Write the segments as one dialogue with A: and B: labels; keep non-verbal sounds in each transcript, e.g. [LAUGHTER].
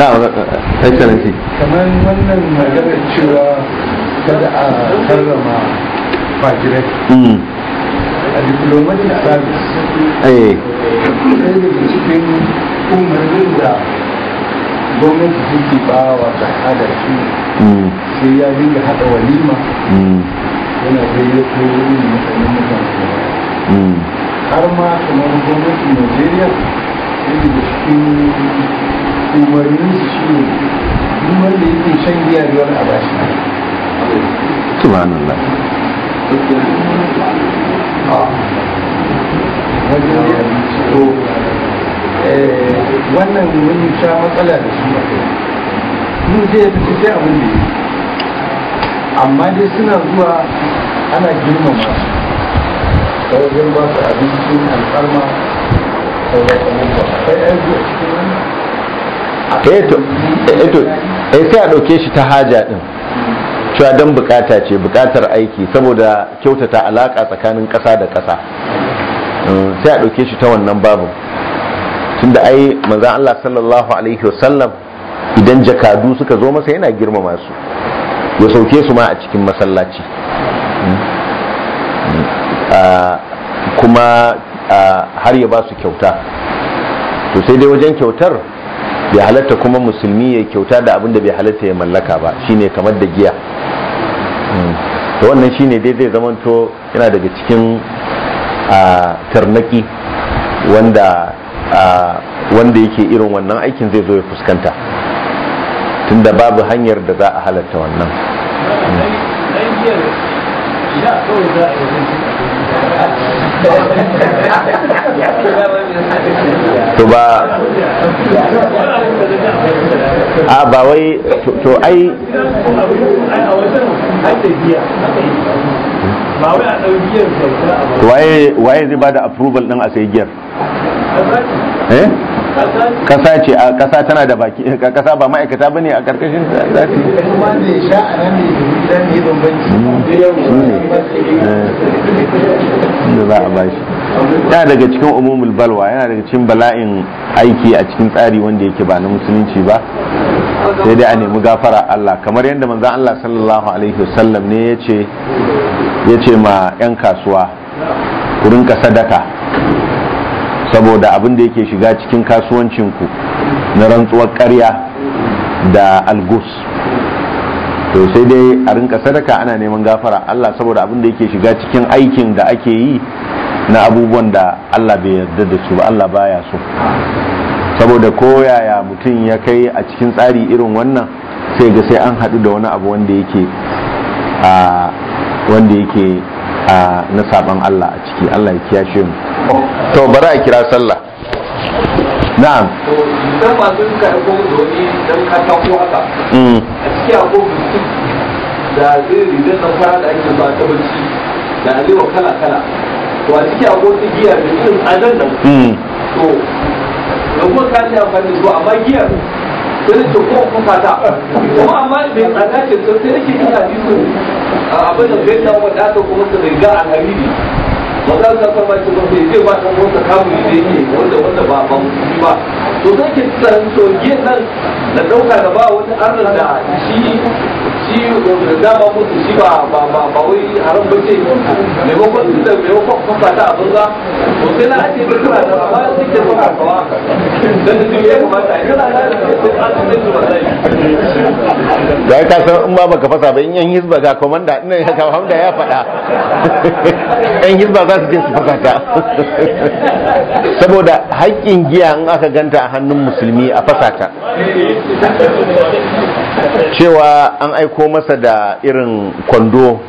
A: na excellency kamar wannan magana cewa kada a karrama fajirai mm. a diplomatic service ɗaya eh. daga cikin umarnin da gwamnati take ba wa shi mm. ya dinga walima mm. yana mutane har ma kamar gwamnatin najeriya umarnin su shi ne duk wanda yake shan giya da wani abashi subhanallah wannan mun sha matsala da su mun je da su sai abin da yi amma dai suna zuwa ana girmama su ta a ba su abincin alfarma ya eh eh
B: eh sai a ɗauke shi ta haja ɗin cewa don bukata ce bukatar aiki saboda kyautata alaƙa tsakanin ƙasa da ƙasa mm, sai a ɗauke shi ta wannan babu tunda ai manzan Allah sallallahu alaihi wasallam idan jakadu suka zo masa yana girma masu, ya sauke su ma a cikin masallaci mm, mm, ah, kuma har ya ba su kyauta to sai dai wajen kyautar bai halatta kuma musulmi ya kyauta da abin da bai halatta ya mallaka ba shine kamar da giya to wannan shine dai zai zamanto yana daga cikin tarnaki wanda wanda yake irin wannan aikin zai zo ya fuskanta tunda babu hanyar da za a halatta wannan to ba a ba wai to ai waye zai ba da approval din a sai giyar eh kasa ce a kasa tana da baki kasa ba ma'aikata ba ne a karkashin zafi da hmm, eh, za a ba shi yana daga cikin umumul balwa yana daga cikin bala'in aiki a cikin tsari wanda yake ba na musulunci ba sai dai a nemi gafara Allah kamar yadda manza Allah sallallahu alaihi wasallam ne ya ce ma 'yan kasuwa ku rinka sadaka saboda abin da yake shiga cikin kasuwancinku na rantsuwar ƙarya da algus to sai dai a rinka sadaka ana neman gafara Allah saboda abin da yake shiga cikin aikin da ake yi na abubuwan da Allah bai yarda da su ba Allah baya so saboda koyaya mutum ya kai a cikin tsari irin wannan sai ga sai an haɗu da wani abu wanda yake a wanda yake na sabon Allah a ciki Allah ya kiyashe mu to bari a kira sallah na'am
A: dan masu suka ko doni dan kata ko haka mm. a ciki ko da zai rigar da fara da ake ba ta bacci da alewa kala kala to a ciki ko su giya da irin tsadan nan mm. to da kuma ka ta amfani zuwa amma giya sai da ko kuka ta kuma amma bai tsada ce sosai nake ina bisu abin da zai ta wanda aka kuma ta riga a hariri wanda aka kama ta ba sai zai ba ta wata kamun da yake wanda wanda ba ba musulmi ba to sai ke tsaron soge nan da ɗauka da ba wata arna da shi shi dama da ya
B: in ba baka fasa ba in yan hizba ga komanda ina ya ka hamda ya fada yan hizba za su je su fasa ta saboda haƙƙin giya in aka ganta a hannun musulmi a fasa ta cewa an aiko aiko masa da irin kwando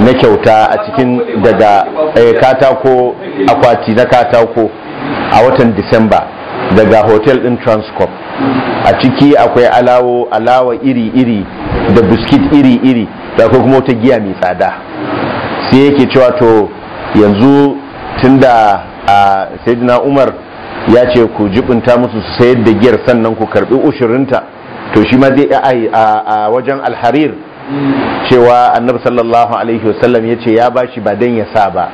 B: na kyauta a cikin daga eh, katako akwati na katako a watan disamba daga hotel din transcorp a ciki akwai alawo alawa iri-iri da biskit iri-iri da akwai kuma wata giya mai tsada sai yake cewa to yanzu tunda a sayyidina umar ya ce ku jibinta musu sayar da giyar sannan ku karbi ushirinta to shi ma zai a wajen alharir cewa annabi sallallahu alaihi wasallam ya ce ya bashi ba dan ya sa ba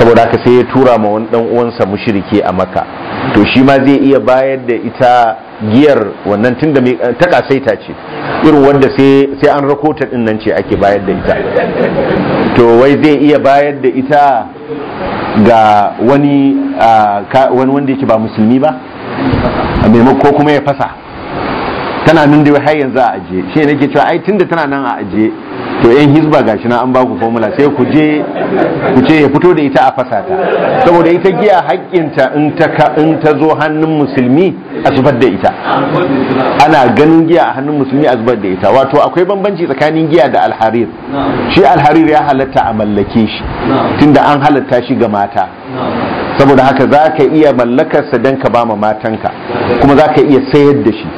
B: saboda haka sai ya tura ma wani dan uwansa mushriki a maka to shi ma zai iya bayar da ita giyar wannan tunda mai ta kasaita ce irin wanda sai an rakota din nan ce ake bayar da ita to wai zai iya bayar da ita ga wani wani wanda yake ba musulmi ba a maimako kuma ya fasa tana nan dai har yanzu a ajiye shi ne nake cewa ai tunda tana nan a ajiye to yan hizba gashi na an baku formula sai ku je ku ce ya fito da ita a fasata saboda ita giya haƙƙinta in ta in ta zo hannun musulmi a zubar da ita ana ganin giya a hannun musulmi a zubar da ita wato akwai bambanci tsakanin giya da alharir shi alharir ya halatta a mallake shi tunda an halatta shi ga mata saboda haka za ka iya mallakarsa don ka ba ma matanka kuma za ka iya sayar da shi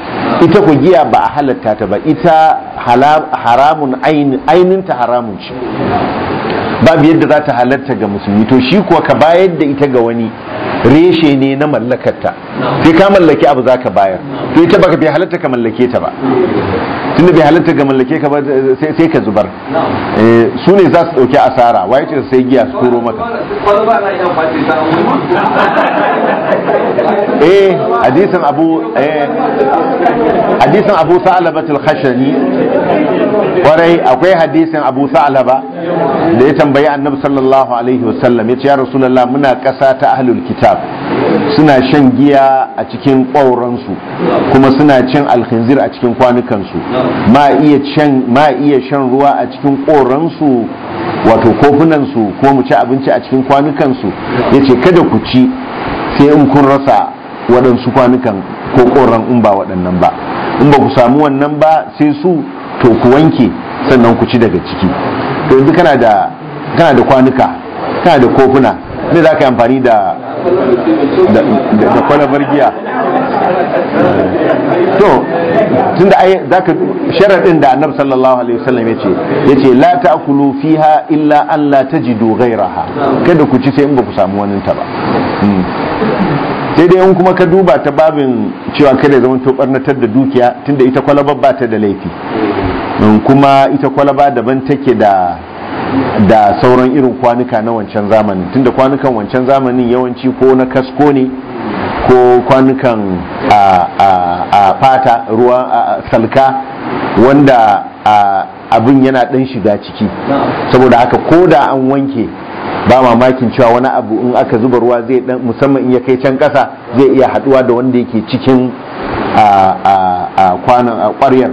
B: ita ku giya ba a halatta ta ba ita haramun ta haramun ce babu yadda za ta halatta ga musulmi to shi kuwa ka bayar da ita ga wani reshe ne na mallakarta sai ka mallaki abu za ka bayar to ita baka bai halatta ka mallake ta ba Tun da bai halatta ga mallake ka ba sai ka zubar eh, su ne za su ɗauki asara waye ce sai giya su koro maka eh hadisin abu eh hadisin kwarai akwai hadisin abu sa'laba da ya tambayi annabi sallallahu alaihi wasallam ya ce ya rasulullah muna kasa ta ahlul kitab suna shan giya a cikin ƙwauransu kuma suna cin alkhinzir a cikin kwanukansu ma iya shan ruwa a cikin ƙoransu wato kofunansu kuma mu ci abinci a cikin kwanukansu yace kada ku ci sai in kun rasa waɗansu kwanukan ko ƙoran in ba waɗannan ba in ba ku samu wannan ba sai su to ku wanke sannan ku ci daga ciki to yanzu kana da kwanuka kana da kofuna ne za ka yi amfani da kwalabar giya to tun da ai za ka sharaɗin da annab sallallahu alaihi wasallam ya ce ya ce la ta'kulu fiha illa an la tajidu gairaha kada ku ci sai in ba ku samu wani ta ba hmm. daidai in kuma ka duba ta babin cewa kada zama to barnatar da dukiya tunda ita kwalaba ba ta da laifi kuma ita kwalaba daban take da da sauran irin kwanuka na wancan zamanin tunda kwanukan wancan zamanin yawanci ko na kasko ne ko kwanukan a fata ruwa salka wanda abin yana dan shiga ciki saboda haka ko da an wanke ba mamakin cewa wani abu in aka zuba ruwa zai dan musamman in ya kai can kasa zai iya haduwa da wanda yake cikin a kwanan kwaryar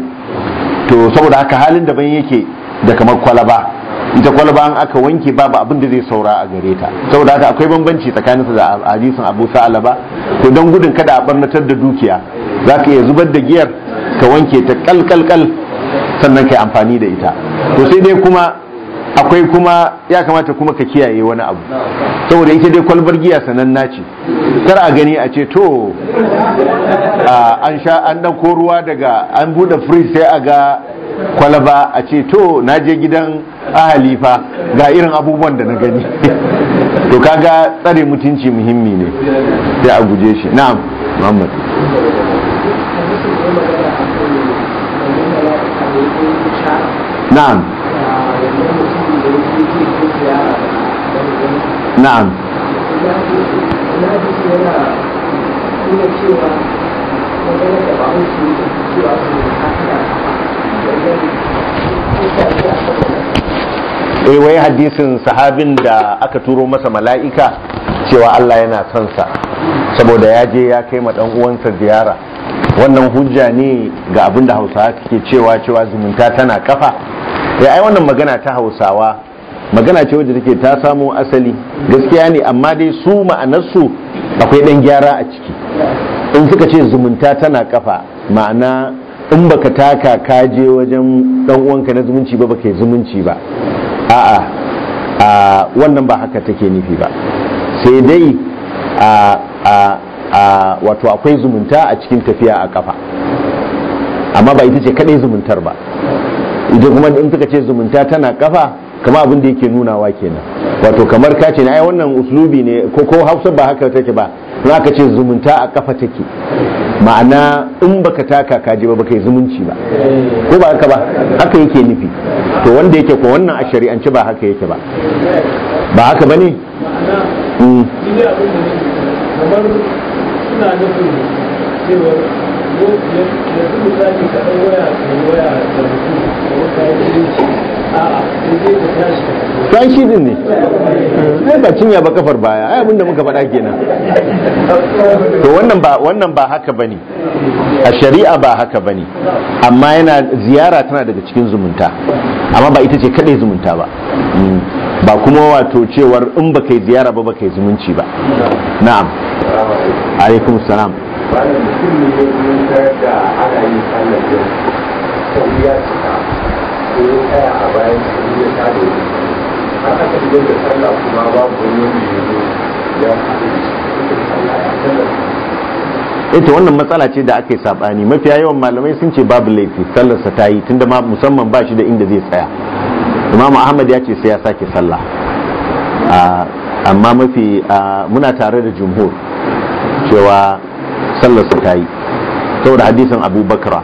B: to saboda haka halin da ban yake da kamar kwalaba ita kwalaba an aka wanke babu abin da zai saura a gare ta saboda haka akwai bambanci tsakanin da hadisin Abu Sa'alaba to dan gudun kada a barnatar da dukiya zaka iya zubar da giyar ka wanke ta kalkalkal sannan kai amfani da ita to sai dai kuma akwai kuma ya kamata kuma ka kiyaye wani abu saboda ita dai kwalbar giya sanan ce kar a gani a ce to an sha an dan ruwa daga an bude fridge sai a ga kwalaba a ce to na je gidan ahali fa ga irin abubuwan da na gani [LAUGHS] to kaga tsare mutunci muhimmi ne sai a guje shi na'am muhammad na'am na'am eh, wai hadisin sahabin da aka turo masa mala'ika cewa Allah yana son sa saboda ya je ya kai ma dan uwansa ziyara wannan hujja ne ga abinda hausawa suke cewa cewa zumunta tana kafa ya eh, ai wannan magana ta hausawa magana ce wadda take ta samo asali gaskiya ne amma dai su ma'anarsu akwai ɗan gyara a ciki in suka ce zumunta tana kafa ma'ana in baka taka ka je wajen ɗan uwanka na zumunci ba baka yi zumunci ba a'a a wannan ba haka take nufi ba sai dai a a a wato akwai zumunta a cikin tafiya a kafa amma ba ita ce kadai zumuntar ba Idan kuma in suka ce zumunta tana kafa kama abin da yake nunawa kenan wato kamar ka ce ai wannan uslubi ne ko ko hausa ba haka take ba za ka ce zumunta a kafa take ma'ana in baka taka kaji ba baka yi zumunci ba ko ba haka ba haka yake nufi to wanda yake ko wannan a shari'anci ba haka yake ba ba haka ne
A: mm. kamar suna nufin cewa yanzu misali ka ɗan waya da mutum da wata
B: kan shi din ne
A: eh,
B: ai ba cinya ba kafar baya ai abinda muka faɗa kenan to wannan ba wannan ba haka bane a shari'a ba haka bane amma yana ziyara tana daga cikin zumunta amma ba ita ce kadai zumunta ba mm. ba kuma wato cewar in ba kai ziyara ba ba kai zumunci ba na'am alaikum salam
A: ba mutum ne ya da ana yin sallar yau
B: da wannan matsala ce da aka yi sabani mafiya yawan malamai sun ce babu laifi sallarsa ta yi tunda musamman ba shi da inda zai tsaya imam ahmad ya ce sai ya sake sallah ah, amma mafi ah, muna tare da jumhur cewa sallarsa ta yi saboda hadisin abubakar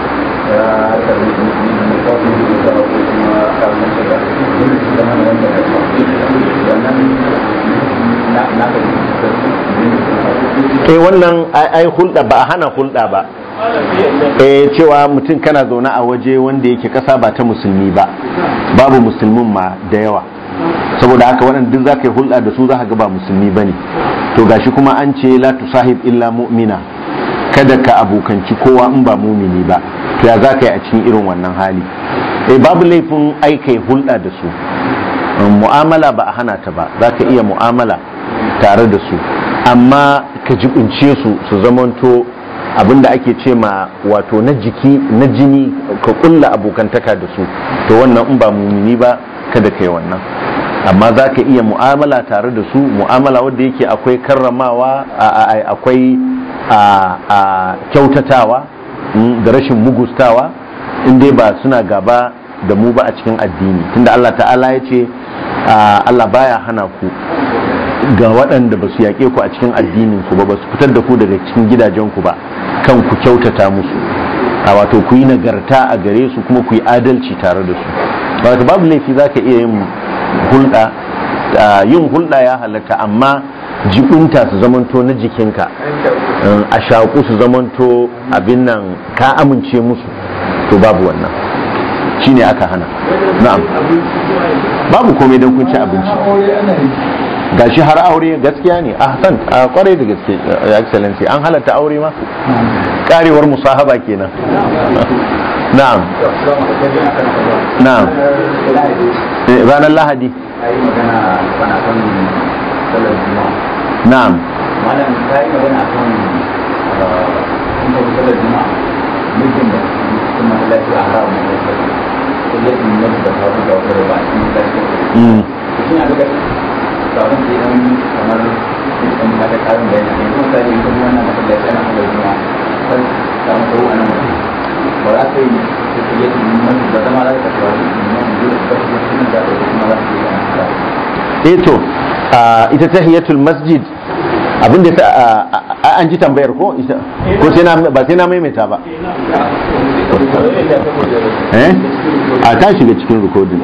B: ke eh, wannan ai hulɗa ba a hana hulɗa ba eh, cewa mutum kana zaune a waje wanda yake ƙasa ba ta musulmi ba babu musulmin ma da yawa saboda haka waɗanda duk za ka yi hulɗa da su za ka ga ba musulmi ba ne to gashi kuma an ce latu sahib illa mu'mina kada ka abokanci kowa in ba mumini ba ya za ka yi a cikin irin wannan hali E, babu laifin aika hulɗa da su um, mu'amala ba a hana ta ba za ka iya mu'amala tare da su amma ka ji su su zamanto abinda ake ce ma wato na jiki na jini ka kulla abokantaka da su to wannan in ba mumini ba kada ka yi wannan amma za ka iya mu'amala tare da su mu'amala wadda yake akwai karramawa akwai a kyautatawa mm, da rashin mugustawa in dai ba suna gaba da mu ba a cikin addini tunda Allah ta'ala ya ce Allah baya hana ku ga waɗanda ba su yaƙe ku a cikin addinin ku ba ba su fitar da ku daga cikin gidajen ku ba kan ku kyautata musu a wato ku yi nagarta a gare su kuma ku yi adalci tare da su wato babu laifi za ka iya yin hulɗa yin hulɗa ya halatta amma jikunta su zamanto na jikinka a shaƙu su zamanto abin nan ka amince musu to babu wannan shi ne aka hana na'am babu komai don kun ci abinci shi har aure gaskiya ne ahsan a kwarai da gaske excellency an halatta aure ma karewar musahaba kenan na'am na'am eh, ranar lahadi na'am
A: معنى الانتهاء ما بين اكوان انت بسبب الجماعة ممكن ده ثم خلاك الاعراب من كل شيء من نفس الحوار ده وكده وبعد كده بتاعت كده لكن على فكرة تعرفين في ايران تمر تسمى حاجة تعلم بين يعني هو قال لي يقول انا ما خلاك انا حاجة الجماعة بس تعرف هو انا مسيح ولكن كيفيه من نفس ده ما لاقي تكرار من نفس ده بس ده ما لاقي
B: ايه تو آه اذا تهيئه المسجد abin da an ji tambayar ko ko ba sai na maimaita ba eh? a ta shiga cikin rikodin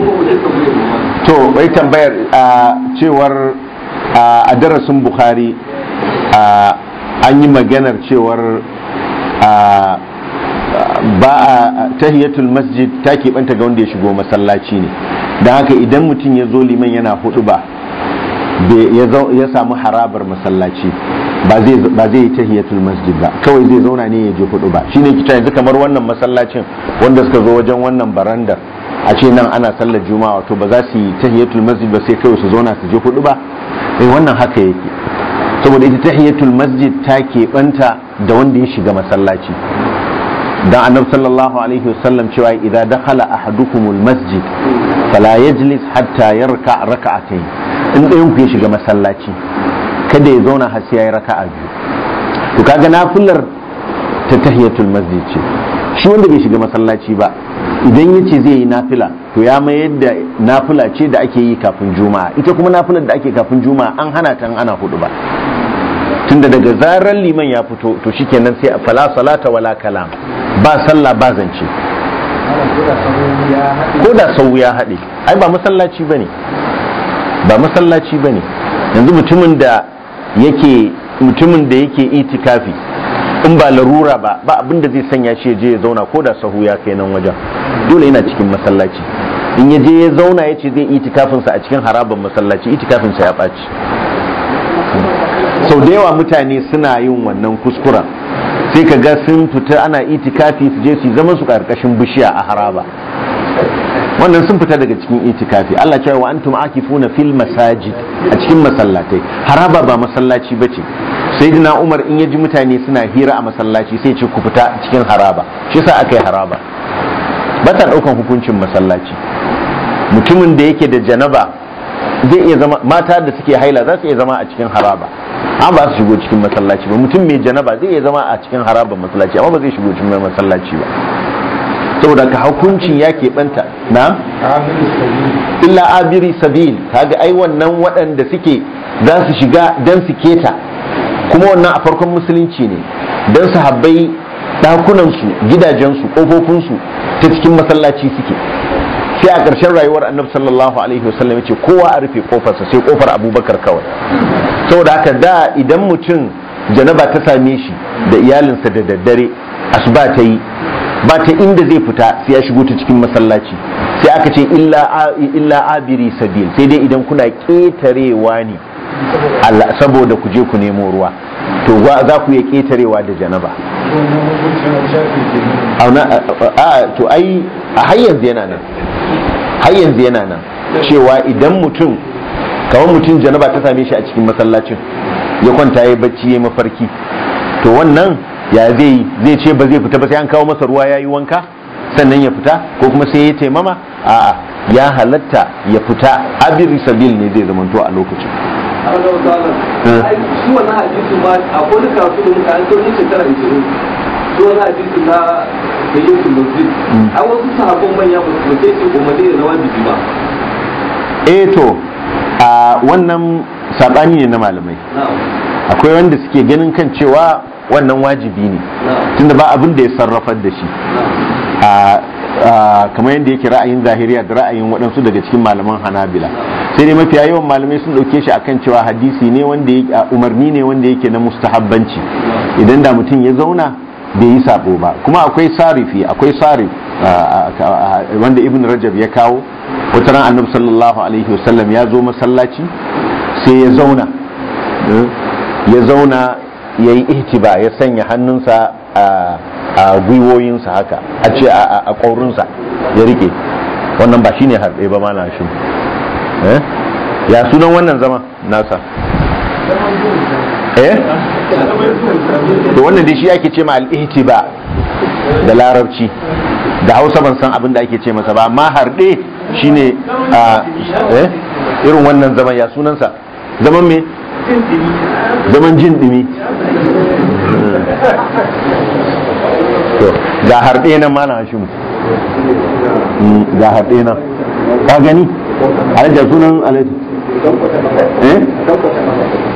B: to bai tambayar a cewar a darasin bukhari an yi maganar cewar ba a tahiyatul masjid ta keɓanta ga wanda ya shigo masallaci ne don haka idan mutum ya zo liman yana hudu ba ya samu harabar masallaci ba zai yi tahiyatul masjid ba kawai zai zauna ne ya je hudu ba ne kita yanzu kamar wannan masallacin wanda suka zo wajen wannan barandar a ce nan ana sallar juma'a wato ba za su yi tahiyatul masjid ba sai kawai su zauna su je hudu ba eh wannan haka yake saboda ita tahiyatul masjid ta keɓanta da wanda ya shiga masallaci dan annabi sallallahu alaihi wasallam cewa idan dakhala ahadukumul masjid fala yajlis hatta yarka raka'atayn in ɗayan ku ya shiga masallaci kada ya zauna har sai ya raka'a biyu to kaga nafilar ta tahiyatul masjid ce shi wanda bai shiga masallaci ba idan ya ce zai yi nafila to ya mayar da nafila ce da ake yi kafin juma'a ita kuma nafilar da ake kafin juma'a an hana ta ana hudu ba tunda daga zarar liman ya fito to shikenan sai a fala salata wala kalam ba sallah ba zance ko da sau ya haɗe ai ba masallaci ba ne ba masallaci ba ne yanzu mutumin da yake mutumin da yake itikafi in ba larura ba ba abin da zai sanya shi je ya zauna ko da sahu ya kai nan wajen dole yana cikin masallaci in ya je ya zauna ya ce zai itikafinsa a cikin harabar masallaci itikafinsa ya ɓaci sau da yawa mutane suna yin wannan kuskuren sai ka ga sun fita ana itikafi su je su zama su karkashin bishiya a haraba wannan sun fita daga cikin itikafi Allah cewa antum akifuna fil masajid a cikin masallatai haraba ba masallaci bace sayyidina Umar in yaji mutane suna hira a masallaci sai ce ku fita cikin haraba shi yasa akai haraba ba ta daukan hukuncin masallaci mutumin da yake da janaba zai iya zama mata da suke haila za su iya zama a cikin haraba an ba su shigo cikin masallaci ba mutum mai janaba zai iya zama a cikin haraban masallaci amma ba zai shigo cikin masallaci ba saboda ka hukuncin ya keɓanta na illa abiri sabil kaga ai wannan waɗanda suke za su shiga don su keta kuma wannan a farkon musulunci ne don su habbai ɗakunansu gidajensu ƙofofinsu ta cikin masallaci suke sai a ƙarshen rayuwar annabi sallallahu alaihi wasallam yace kowa a rufe kofarsa sai kofar abubakar kawai saboda haka da idan mutum janaba ta same shi da iyalinsa da daddare asuba ta yi ba ta inda zai fita sai ya shigo ta cikin masallaci sai aka ce illa abiri sabil sai dai idan kuna ƙetarewa ne saboda ku je ku nemo ruwa to za ku iya ƙetarewa da janaba to ai a har yanzu yana nan har yanzu yana nan cewa idan mutum kawai mutum janaba ta same shi a cikin masallacin ya kwanta ya bacci ya mafarki to wannan ya zai zai ce ba zai fita ba sai an kawo masa ruwa ya yi wanka sannan ya fita ko kuma sai ya taimama a'a ya halatta ya fita abin sabil ne zai to a lokacin eh.
A: shi wannan hadisi da mutane to ne shekara 20 wani hadisi na sayyidu hmm. a wasu sahabban manya ce na wajibi ba
B: eh to a wannan sabani ne na malamai akwai wanda suke ganin kan cewa wannan wajibi ne tunda ba abin da ya sarrafar da shi a kamar yadda yake ra'ayin zahiriya da ra'ayin waɗansu daga cikin malaman hanabila sai dai mafiya yawan malamai sun ɗauke shi akan cewa hadisi ne wanda umarni ne wanda yake na mustahabbanci idan da mutum ya zauna bai yi sabo ba kuma akwai sarifi akwai sarif wanda ibn rajab ya kawo wata ran annabi sallallahu alaihi wasallam ya zo masallaci sai ya zauna eh, ya zauna ya yi ihtiba ya sanya hannunsa a gwiwoyinsa haka a ce a ƙaurinsa ya rike wannan ba shine harbe ba ma shi eh? ya sunan wannan zama nasa eh to wannan dai shi ake ce ma al ba da larabci da hausa ban san abin da ake ce masa ba amma harɗe ne a eh? irin wannan zaman ya sunansa zaman me zaman jin dumi hmm. ga harɗe nan mana shi mu hmm, ga harɗe nan ka gani a sunan alaji
A: eh?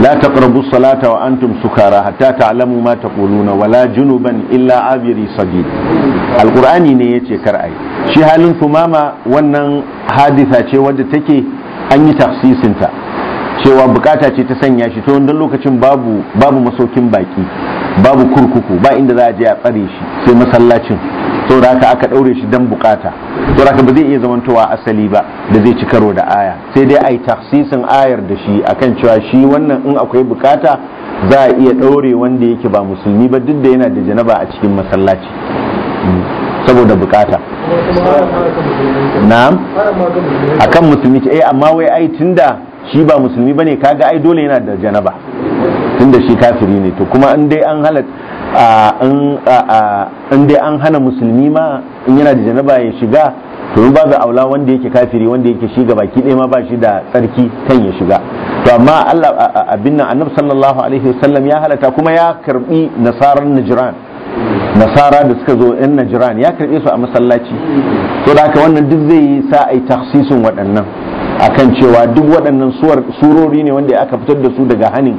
B: la taqrabu salata wa antum sukara hatta ta'lamu ma ta taquluna wala junuban illa abiri sabil alqur'ani ne ce kar ai shi halin tumama wannan hadisa ce wadda take an yi tafsisinta cewa bukata ce ta sanya shi to wannan lokacin babu babu masaukin baki babu kurkuku ba inda za a je a tsare shi sai masallacin da haka aka ɗaure shi dan bukata saboda haka ba zai iya zamantowa asali ba da zai ci karo da aya sai dai ayi taksisin ayar da shi akan cewa shi wannan in akwai bukata za a iya ɗaure wanda yake ba musulmi ba duk da yana da janaba a cikin masallaci saboda bukata na'am akan musulmi ce eh amma wai ai tunda shi ba musulmi bane kaga ai dole yana da janaba tun da shi kafiri ne to kuma in dai an in dai an hana musulmi ma in yana da janaba ya shiga to ba ga aula wanda yake kafiri wanda yake shi ga baki ɗaya ma ba shi da tsarki kan ya shiga to amma Allah abin nan annabi sallallahu alaihi wasallam ya halata kuma ya karbi nasaran najran nasara da suka zo yan najran ya karbe su a masallaci to da haka wannan duk zai yi sa ai takhsisin waɗannan akan cewa duk waɗannan surori ne wanda aka fitar da su daga hanin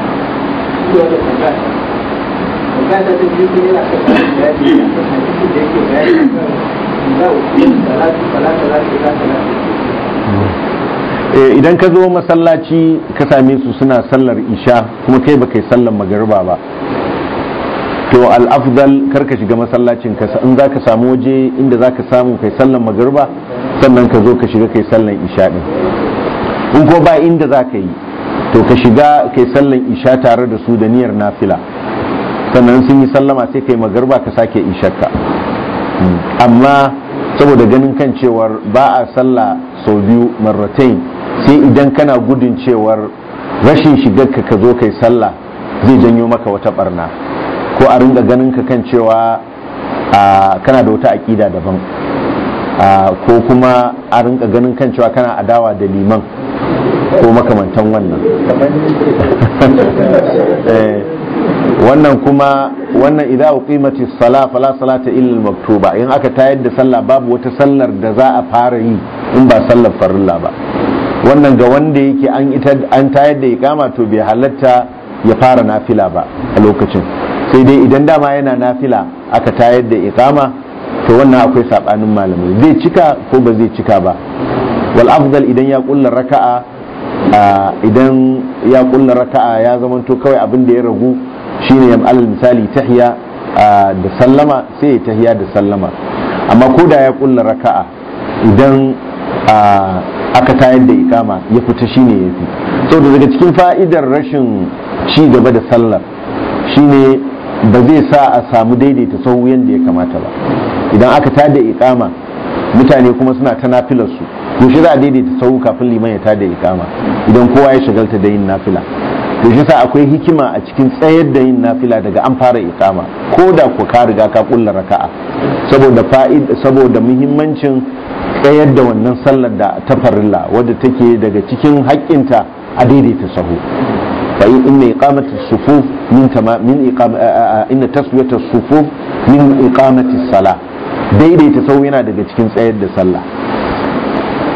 B: idan ka zo masallaci ka same su suna sallar isha kuma kai ba kai sallar magariba ba to al'afdal kar ka shiga masallacin ka in za ka samu waje inda za ka samu kai sallar magariba sannan ka zo ka shiga kai sallar isha din in ko ba inda za ka yi to ka shiga kai sallan isha tare da su da niyyar nafila sannan sun yi sallama sai kai magarba ka sake ishakka hmm. amma saboda ganin kan cewar ba a sallah sau biyu marratain sai idan kana gudun cewar rashin shigar ka zo kai sallah zai janyo maka wata barna ko a ringa ganin ka kan cewa kana da wata aƙida daban ko kuma a ringa ganin kan cewa kana adawa da liman ko makamantan wannan [LAUGHS] eh, wannan kuma wannan idan uqimati sala fala salata ilil maktuba in aka tayar da sallah babu wata sallar da za a fara yi in ba sallar farilla ba wannan ga wanda yake an tayar da ikama to bai halatta ya fara nafila ba a lokacin sai dai idan dama yana nafila aka tayar da ikama to wannan akwai sabanin malamai zai cika ko ba zai cika ba wal afdal idan ya kulla raka'a idan ya kulla raka'a ya zamanto kawai abin da ya ragu shine alal misali tahiya da sallama sai ya tahiya da sallama amma ko da ya kulla raka'a idan aka tayar da ikama ya fita shine ya fi saboda daga cikin fa'idar rashin ci gaba da sallar shine ba zai sa a samu daidaita sahu da ya kamata ba idan aka tada ikama mutane kuma suna ta nafilarsu yaushe za a daidaita sau kafin liman ya da ikama idan kowa ya shagalta da yin nafila to shi sa akwai hikima a cikin tsayar da yin nafila daga an fara ikama ko da ku ka riga ka kulla raka'a saboda fa'id saboda muhimmancin tsayar da wannan sallar da ta farilla wadda take daga cikin haƙƙinta a daidaita sahu fa inna iqamati sufuf min tama min iqama inna taswiyata sufuf min iqamati sala daidaita sahu yana daga cikin tsayar da sallah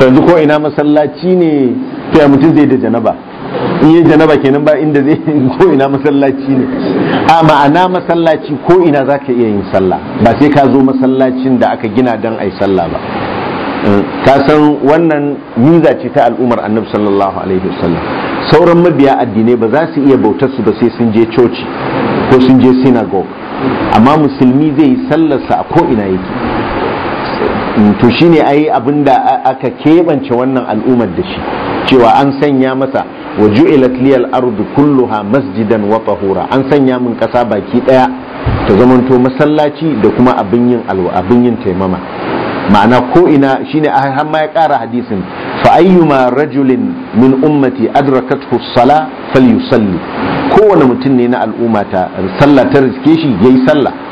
B: yanzu ko ina masallaci ne ya mutum zai da janaba in yi janaba kenan ba inda zai ko ina masallaci ne a ma'ana masallaci ko ina za ka iya yin sallah ba sai ka zo masallacin da aka gina don a yi sallah ba mm. ka san wannan miza ce ta al'ummar annabi sallallahu alaihi wasallam sauran mabiya addinai ba za su iya bautar su ba sai sun je coci ko sun je synagogue amma musulmi zai yi sallarsa a ko ina yake to shine ai abin da aka keɓance wannan al'ummar da shi cewa an sanya masa wa ju'ilat liyal ardu kulluha masjidan wa tahura an sanya min ƙasa baki ɗaya ta zamanto masallaci da kuma abin yin alwa abin yin taimama ma'ana ko ina shine har ma ya kara hadisin fa ayyuma rajulin min ummati adrakathu sala falyusalli kowane mutum ne na al'ummata sallah ta riske shi yayi sallah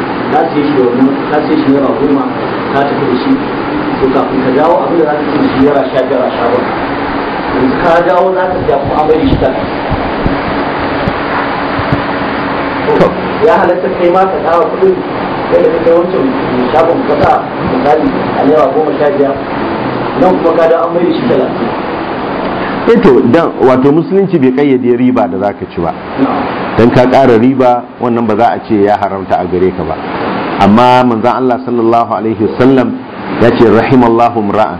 A: ka sai shi wannan ka sai shi naira goma ka tafi da shi to kafin ka dawo abin da za ka ci shi naira sha biyar a sha ba ka dawo za ka siya kuma abin shi ta ya halatta kai ma ka dawo kuɗin yadda ka kai wancan shagon kasa misali a yawa goma sha biyar nan kuma ka dawo an mai da shi talatin
B: eto eh dan wato musulunci bai kayyade riba da zaka ci ba dan ka ƙara riba wannan ba za a ce ya haramta a gare ka ba amma manzon Allah sallallahu alaihi wasallam ya ce rahimallahu ra'an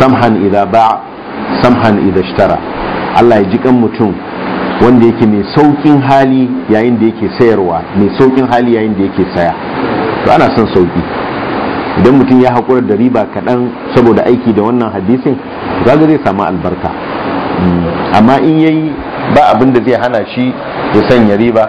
B: samhan idan ba samhan idan shtara Allah ya ji kan mutum wanda yake mai saukin hali yayin da yake sayarwa mai saukin hali yayin da yake saya to ana son sauki idan mutum ya haƙura da riba kaɗan saboda aiki da wannan hadisin zaga zai samu albarka hmm. amma in yayi ba abin da zai hana shi ya sanya riba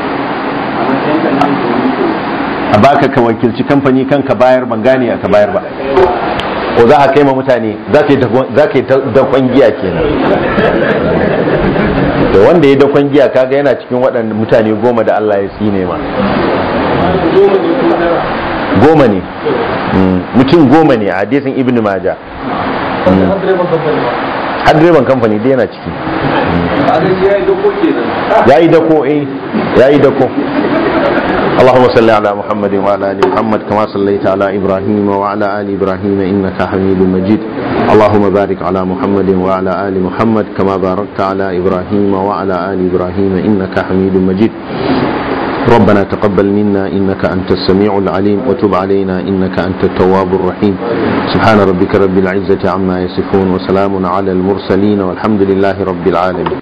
B: a baka ka wakilci kamfani kan ka bayar ban gane ka bayar ba ko za a kai ma mutane za ka yi dakon giya kenan da wanda ya dakon giya kaga yana cikin waɗanda mutane goma da Allah ya tsine ma goma ne mm, mutum goma ne a hadisin ibn maja mm. har direban kamfani dai yana ciki
A: mm.
B: ya yi dako ya yi dako eh, اللهم صل على محمد وعلى ال محمد كما صليت على ابراهيم وعلى ال ابراهيم انك حميد مجيد اللهم بارك على محمد وعلى ال محمد كما باركت على ابراهيم وعلى ال ابراهيم انك حميد مجيد ربنا تقبل منا انك انت السميع العليم وتب علينا انك انت التواب الرحيم سبحان ربك رب العزه عما يصفون وسلام على المرسلين والحمد لله رب
A: العالمين